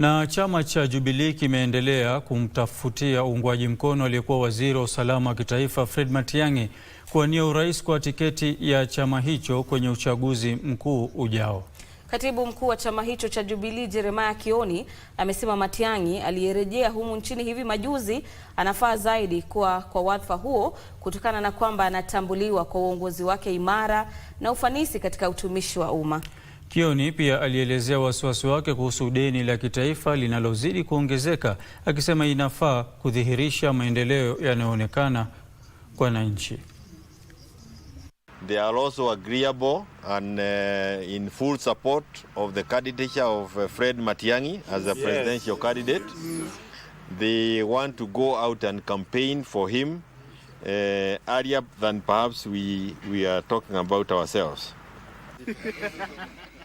Na chama cha Jubilee kimeendelea kumtafutia uungwaji mkono aliyekuwa waziri wa usalama wa kitaifa Fred Matiang'i kuwania urais kwa tiketi ya chama hicho kwenye uchaguzi mkuu ujao. Katibu mkuu wa chama hicho cha Jubilee Jeremiah Kioni amesema Matiang'i aliyerejea humu nchini hivi majuzi anafaa zaidi kwa, kwa wadhifa huo kutokana na kwamba anatambuliwa kwa uongozi wake imara na ufanisi katika utumishi wa umma. Kioni pia alielezea wasiwasi wake kuhusu deni la kitaifa linalozidi kuongezeka akisema inafaa kudhihirisha maendeleo yanayoonekana kwa wananchi. They are also agreeable and uh, in full support of the candidature of uh, Fred Matiang'i as a presidential yes. candidate. They want to go out and campaign for him uh, earlier than perhaps we, we are talking about ourselves.